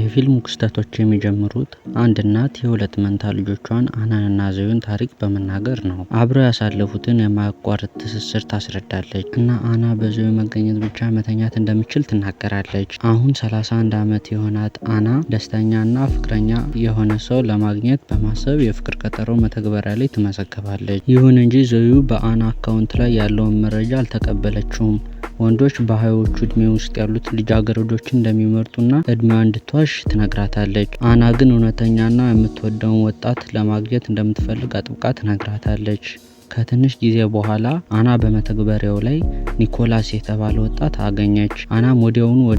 የፊልሙ ክስተቶች የሚጀምሩት አንድ እናት የሁለት መንታ ልጆቿን አናንና ዘዩን ታሪክ በመናገር ነው። አብረው ያሳለፉትን የማያቋርጥ ትስስር ታስረዳለች እና አና በዘዩ መገኘት ብቻ መተኛት እንደምችል ትናገራለች። አሁን 31 ዓመት የሆናት አና ደስተኛ ፍቅረኛ የሆነ ሰው ለማግኘት በማሰብ የፍቅር ቀጠሮ መተግበሪያ ላይ ትመዘገባለች። ይሁን እንጂ ዘዩ በአና አካውንት ላይ ያለውን መረጃ አልተቀበለችውም። ወንዶች በሀያዎቹ እድሜ ውስጥ ያሉት ልጃገረዶችን እንደሚመርጡና እድሜዋ እንድትዋል እንደምታፈቅረዋሽ ትነግራታለች። አና ግን እውነተኛና የምትወደውን ወጣት ለማግኘት እንደምትፈልግ አጥብቃ ትነግራታለች። ከትንሽ ጊዜ በኋላ አና በመተግበሪያው ላይ ኒኮላስ የተባለ ወጣት አገኘች። አናም ወዲያውኑ ወደ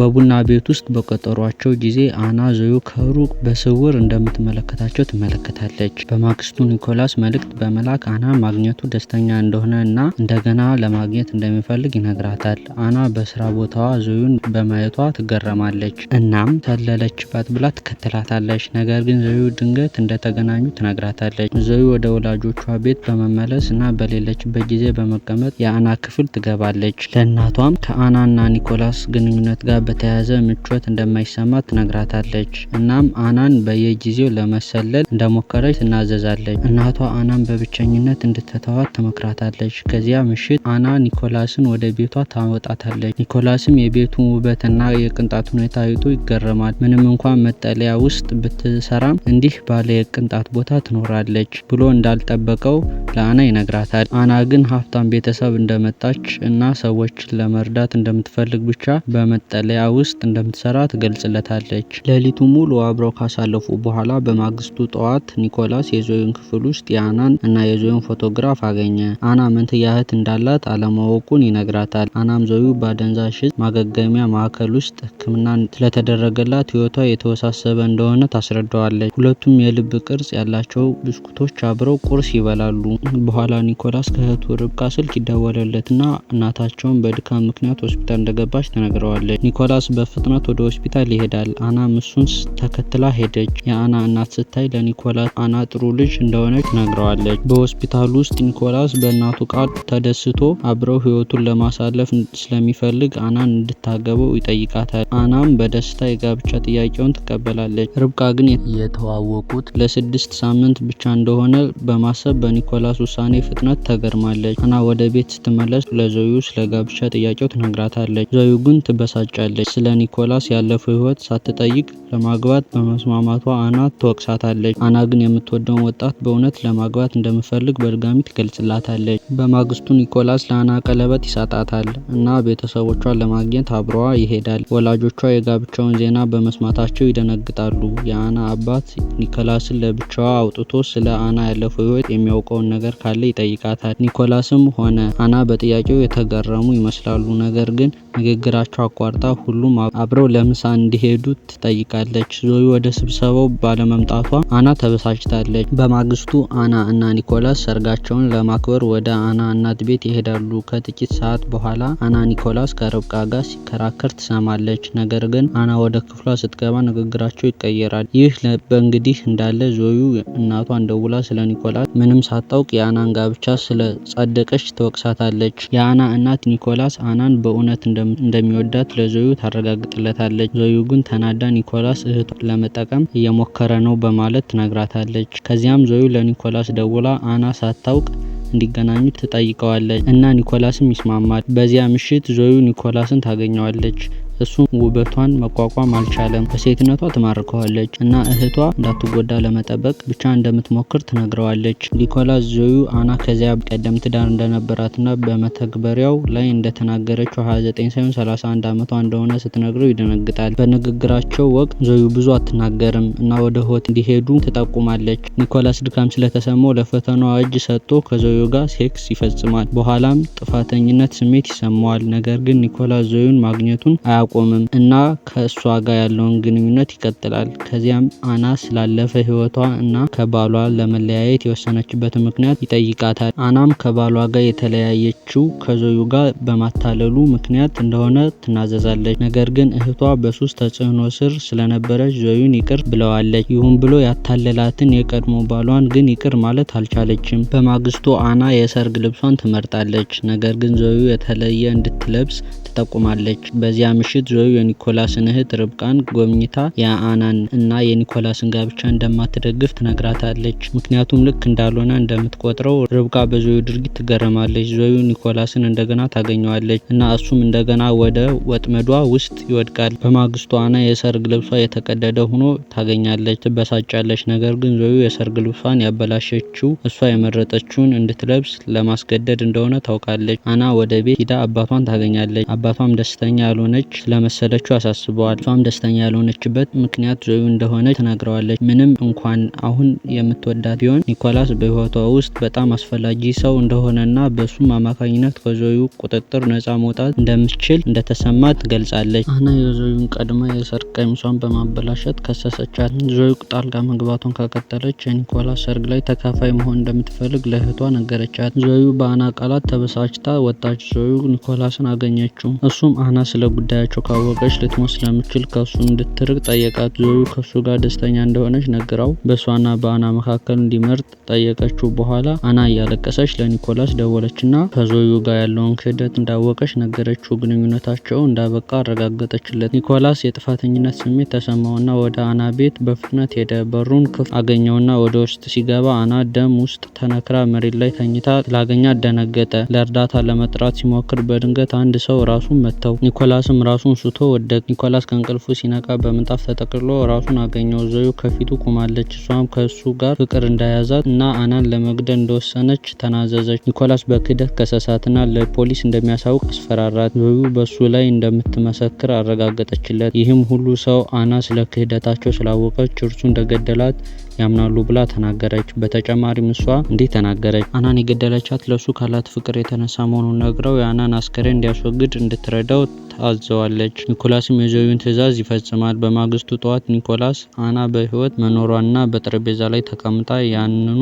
በቡና ቤት ውስጥ በቀጠሯቸው ጊዜ አና ዞዮ ከሩቅ በስውር እንደምትመለከታቸው ትመለከታለች። በማግስቱ ኒኮላስ መልእክት በመላክ አና ማግኘቱ ደስተኛ እንደሆነ እና እንደገና ለማግኘት እንደሚፈልግ ይነግራታል። አና በስራ ቦታዋ ዞዩን በማየቷ ትገረማለች። እናም ተለለችባት ብላ ትከትላታለች ነገር ግን ዘዩ ድንገት እንደተገናኙ ትነግራታለች። ዘዩ ወደ ወላጆቿ ቤት በመመለስ እና በሌለችበት ጊዜ በመቀመጥ የአና ክፍል ትገባለች። ለእናቷም ከአናና ኒኮላስ ግንኙነት ጋር በተያያዘ ምቾት እንደማይሰማ ትነግራታለች። እናም አናን በየጊዜው ለመሰለል እንደሞከረች ትናዘዛለች። እናቷ አናን በብቸኝነት እንድትተዋት ትመክራታለች። ከዚያ ምሽት አና ኒኮላስን ወደ ቤቷ ታወጣታለች። ኒኮላስም የቤቱን ውበትና የቅንጣት ሁኔታ አይቶ ይገረማል። ምንም እንኳን መጠለያ ውስጥ ብትሰራም እንዲህ ባለ የቅንጣት ቦታ ትኖራለች ብሎ እንዳልጠበቀው ለአና ይነግራታል። አና ግን ሀብታም ቤተሰብ እንደመጣች እና ሰዎችን ለመርዳት እንደምትፈልግ ብቻ በመጠለያ ውስጥ እንደምትሰራ ትገልጽለታለች። ሌሊቱ ሙሉ አብረው ካሳለፉ በኋላ በማግስቱ ጠዋት ኒኮላስ የዞዩን ክፍል ውስጥ የአናን እና የዞዩን ፎቶግራፍ አገኘ። አና መንትያ እህት እንዳላት አለማወቁን ይነግራታል። አናም ዞዩ በአደንዛዥ ማገገሚያ ማዕከል ውስጥ ሕክምና ስለተደረገላት ህይወቷ የተወሳሰበ እንደሆነ ታስረዳዋለች። ሁለቱም የልብ ቅርጽ ያላቸው ብስኩቶች አብረው ቁርስ ይበላሉ። በኋላ ኒኮላስ ከእህቱ ርብቃ ስልክ ይደወለለትና እናታቸውን በድካም ምክንያት ሆስፒታል እንደገባች ተነግረዋለች። ኒኮላስ በፍጥነት ወደ ሆስፒታል ይሄዳል። አናም እሱን ተከትላ ሄደች። የአና እናት ስታይ ለኒኮላስ አና ጥሩ ልጅ እንደሆነች ነግረዋለች። በሆስፒታሉ ውስጥ ኒኮላስ በእናቱ ቃል ተደስቶ አብረው ህይወቱን ለማሳለፍ ስለሚፈልግ አናን እንድታገበው ይጠይቃታል። አናም በደስታ የጋብቻ ጥያቄውን ትቀበላለች። ርብቃ ግን የተዋወቁት ለስድስት ሳምንት ብቻ እንደሆነ በማሰብ በኒ በኒኮላስ ውሳኔ ፍጥነት ተገርማለች። አና ወደ ቤት ስትመለስ ለዘዩ ስለ ጋብቻ ጥያቄው ትነግራታለች። ዘዩ ግን ትበሳጫለች። ስለ ኒኮላስ ያለፈው ህይወት ሳትጠይቅ ለማግባት በመስማማቷ አና ትወቅሳታለች። አና ግን የምትወደውን ወጣት በእውነት ለማግባት እንደምፈልግ በድጋሚ ትገልጽላታለች። በማግስቱ ኒኮላስ ለአና ቀለበት ይሰጣታል እና ቤተሰቦቿን ለማግኘት አብረዋ ይሄዳል። ወላጆቿ የጋብቻውን ዜና በመስማታቸው ይደነግጣሉ። የአና አባት ኒኮላስን ለብቻዋ አውጥቶ ስለ አና ያለፈው ህይወት የሚያውቀው የምታውቀውን ነገር ካለ ይጠይቃታል። ኒኮላስም ሆነ አና በጥያቄው የተገረሙ ይመስላሉ። ነገር ግን ንግግራቸው አቋርጣ ሁሉም አብረው ለምሳ እንዲሄዱ ትጠይቃለች። ዞይ ወደ ስብሰባው ባለመምጣቷ አና ተበሳጭታለች። በማግስቱ አና እና ኒኮላስ ሰርጋቸውን ለማክበር ወደ አና እናት ቤት ይሄዳሉ። ከጥቂት ሰዓት በኋላ አና ኒኮላስ ከርብቃ ጋር ሲከራከር ትሰማለች። ነገር ግን አና ወደ ክፍሏ ስትገባ ንግግራቸው ይቀየራል። ይህ በእንግዲህ እንዳለ ዞዩ እናቷን ደውላ ስለ ኒኮላስ ምንም ሳታውቅ የአናን ጋብቻ ስለጸደቀች ትወቅሳታለች። የአና እናት ኒኮላስ አናን በእውነት እንደ እንደሚወዳት ለዞዩ ታረጋግጥለታለች። ዞዩ ግን ተናዳ ኒኮላስ እህቱ ለመጠቀም እየሞከረ ነው በማለት ትነግራታለች። ከዚያም ዞዩ ለኒኮላስ ደውላ አና ሳታውቅ እንዲገናኙ ትጠይቀዋለች እና ኒኮላስም ይስማማል። በዚያ ምሽት ዞዩ ኒኮላስን ታገኘዋለች። እሱ ውበቷን መቋቋም አልቻለም። በሴትነቷ ትማርከዋለች እና እህቷ እንዳትጎዳ ለመጠበቅ ብቻ እንደምትሞክር ትነግረዋለች። ኒኮላስ ዞዩ አና ከዚያ ቀደም ትዳር እንደነበራትና በመተግበሪያው ላይ እንደተናገረችው 29 ሳይሆን 31 ዓመቷ እንደሆነ ስትነግረው ይደነግጣል። በንግግራቸው ወቅት ዞዩ ብዙ አትናገርም እና ወደ ሆት እንዲሄዱ ትጠቁማለች። ኒኮላስ ድካም ስለተሰማው ለፈተናዋ እጅ ሰጥቶ ከዞዩ ጋር ሴክስ ይፈጽማል። በኋላም ጥፋተኝነት ስሜት ይሰማዋል። ነገር ግን ኒኮላስ ዞዩን ማግኘቱን አያ አላቆምም እና ከእሷ ጋር ያለውን ግንኙነት ይቀጥላል። ከዚያም አና ስላለፈ ህይወቷ እና ከባሏ ለመለያየት የወሰነችበትን ምክንያት ይጠይቃታል። አናም ከባሏ ጋር የተለያየችው ከዞዩ ጋር በማታለሉ ምክንያት እንደሆነ ትናዘዛለች። ነገር ግን እህቷ በሱስ ተጽዕኖ ስር ስለነበረች ዞዩን ይቅር ብለዋለች። ይሁን ብሎ ያታለላትን የቀድሞ ባሏን ግን ይቅር ማለት አልቻለችም። በማግስቱ አና የሰርግ ልብሷን ትመርጣለች። ነገር ግን ዞዩ የተለየ እንድትለብስ ትጠቁማለች። በዚያ ምሽት ምሽት ዞዩ የኒኮላስን እህት ርብቃን ጎብኝታ የአናን እና የኒኮላስን ጋብቻ እንደማትደግፍ ትነግራታለች። ምክንያቱም ልክ እንዳልሆነ እንደምትቆጥረው ርብቃ በዞዩ ድርጊት ትገረማለች። ዞዩ ኒኮላስን እንደገና ታገኘዋለች እና እሱም እንደገና ወደ ወጥመዷ ውስጥ ይወድቃል። በማግስቱ አና የሰርግ ልብሷ የተቀደደ ሆኖ ታገኛለች፣ ትበሳጫለች። ነገር ግን ዞዩ የሰርግ ልብሷን ያበላሸችው እሷ የመረጠችውን እንድትለብስ ለማስገደድ እንደሆነ ታውቃለች። አና ወደ ቤት ሂዳ አባቷን ታገኛለች። አባቷም ደስተኛ ያልሆነች ስለመሰለችው አሳስበዋል። እሷም ደስተኛ ያልሆነችበት ምክንያት ዞዩ እንደሆነ ተናግረዋለች። ምንም እንኳን አሁን የምትወዳት ቢሆን ኒኮላስ በህይወቷ ውስጥ በጣም አስፈላጊ ሰው እንደሆነና በሱም አማካኝነት ከዞዩ ቁጥጥር ነጻ መውጣት እንደምትችል እንደተሰማ ገልጻለች። አና የዞዩን ቀድማ የሰርግ ቀሚሷን በማበላሸት ከሰሰቻት። ዞዩ ጣልቃ መግባቷን ካቀጠለች የኒኮላስ ሰርግ ላይ ተካፋይ መሆን እንደምትፈልግ ለእህቷ ነገረቻት። ዞዩ በአና ቃላት ተበሳጭታ ወጣች። ዞዩ ኒኮላስን አገኘችው። እሱም አና ስለ ጉዳያቸው እንደሌላቸው ካወቀች ልትሞት ስለምችል ከሱ እንድትርቅ ጠየቃት። ዞዩ ከሱ ጋር ደስተኛ እንደሆነች ነግራው በእሷና በአና መካከል እንዲመርጥ ጠየቀችው። በኋላ አና እያለቀሰች ለኒኮላስ ደወለችና ከዞዩ ጋር ያለውን ክህደት እንዳወቀች ነገረችው። ግንኙነታቸው እንዳበቃ አረጋገጠችለት። ኒኮላስ የጥፋተኝነት ስሜት ተሰማውና ወደ አና ቤት በፍጥነት ሄደ። በሩን ክፍት አገኘውና ወደ ውስጥ ሲገባ አና ደም ውስጥ ተነክራ መሬት ላይ ተኝታ ላገኛ ደነገጠ። ለእርዳታ ለመጥራት ሲሞክር በድንገት አንድ ሰው ራሱን መታው። ኒኮላስም ራሱ ራሱን ስቶ ወደቀ። ኒኮላስ ከእንቅልፉ ሲነቃ በምንጣፍ ተጠቅልሎ ራሱን አገኘው። ዘዩ ከፊቱ ቆማለች። እሷም ከእሱ ጋር ፍቅር እንዳያዛት እና አናን ለመግደል እንደወሰነች ተናዘዘች። ኒኮላስ በክህደት ከሰሳትና ለፖሊስ እንደሚያሳውቅ አስፈራራት። ዘዩ በሱ ላይ እንደምትመሰክር አረጋገጠችለት። ይህም ሁሉ ሰው አና ስለ ክህደታቸው ስላወቀች እርሱ እንደገደላት ያምናሉ ብላ ተናገረች። በተጨማሪም እሷ እንዲህ ተናገረች። አናን የገደለቻት ለሱ ካላት ፍቅር የተነሳ መሆኑን ነግረው የአናን አስከሬን እንዲያስወግድ እንድትረዳው ታዘዋለች። ኒኮላስም የዘዊውን ትዕዛዝ ይፈጽማል። በማግስቱ ጠዋት ኒኮላስ አና በህይወት መኖሯና በጠረጴዛ ላይ ተቀምጣ ያንኑ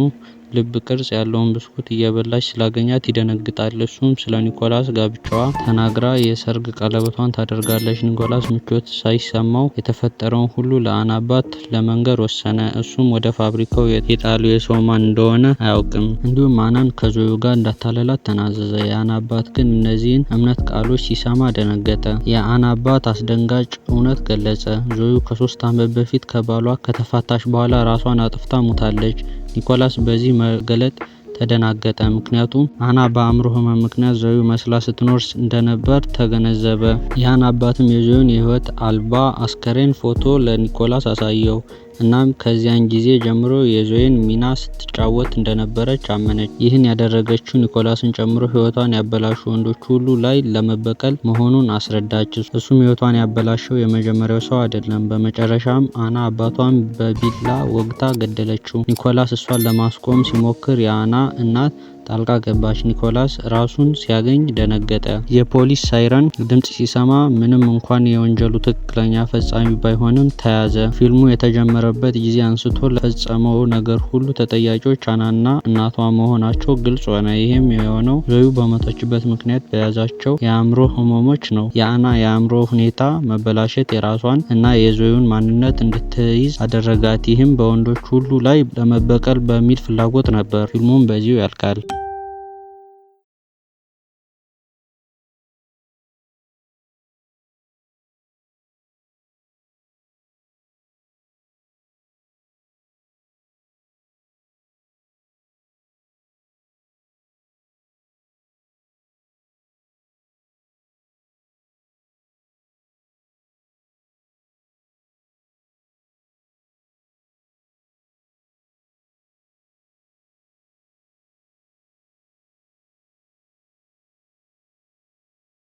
ልብ ቅርጽ ያለውን ብስኩት እየበላች ስላገኛት ይደነግጣል። እሱም ስለ ኒኮላስ ጋብቻዋ ተናግራ የሰርግ ቀለበቷን ታደርጋለች። ኒኮላስ ምቾት ሳይሰማው የተፈጠረውን ሁሉ ለአናባት ለመንገር ወሰነ። እሱም ወደ ፋብሪካው የጣሉ የሰው ማን እንደሆነ አያውቅም። እንዲሁም አናን ከዞዩ ጋር እንዳታለላት ተናዘዘ። የአናባት ግን እነዚህን እምነት ቃሎች ሲሰማ ደነገጠ። የአናባት አስደንጋጭ እውነት ገለጸ። ዞዩ ከሶስት ዓመት በፊት ከባሏ ከተፋታች በኋላ ራሷን አጥፍታ ሞታለች። ኒኮላስ በዚህ መገለጥ ተደናገጠ። ምክንያቱም አና በአእምሮ ህመም ምክንያት ዘዩ መስላ ስትኖርስ እንደነበር ተገነዘበ። የሐና አባትም የዘዩን የህይወት አልባ አስከሬን ፎቶ ለኒኮላስ አሳየው። እናም ከዚያን ጊዜ ጀምሮ የዞይን ሚና ስትጫወት እንደነበረች አመነች። ይህን ያደረገችው ኒኮላስን ጨምሮ ህይወቷን ያበላሹ ወንዶች ሁሉ ላይ ለመበቀል መሆኑን አስረዳች። እሱም ህይወቷን ያበላሸው የመጀመሪያው ሰው አይደለም። በመጨረሻም አና አባቷን በቢላ ወግታ ገደለችው። ኒኮላስ እሷን ለማስቆም ሲሞክር የአና እናት ጣልቃ ገባች። ኒኮላስ ራሱን ሲያገኝ ደነገጠ። የፖሊስ ሳይረን ድምፅ ሲሰማ ምንም እንኳን የወንጀሉ ትክክለኛ ፈጻሚ ባይሆንም ተያዘ። ፊልሙ የተጀመረበት ጊዜ አንስቶ ለፈጸመው ነገር ሁሉ ተጠያቂዎች አናና እናቷ መሆናቸው ግልጽ ሆነ። ይህም የሆነው ዞዩ በመቶችበት ምክንያት በያዛቸው የአእምሮ ህመሞች ነው። የአና የአእምሮ ሁኔታ መበላሸት የራሷን እና የዞዩን ማንነት እንድትይዝ አደረጋት። ይህም በወንዶች ሁሉ ላይ ለመበቀል በሚል ፍላጎት ነበር። ፊልሙም በዚሁ ያልቃል።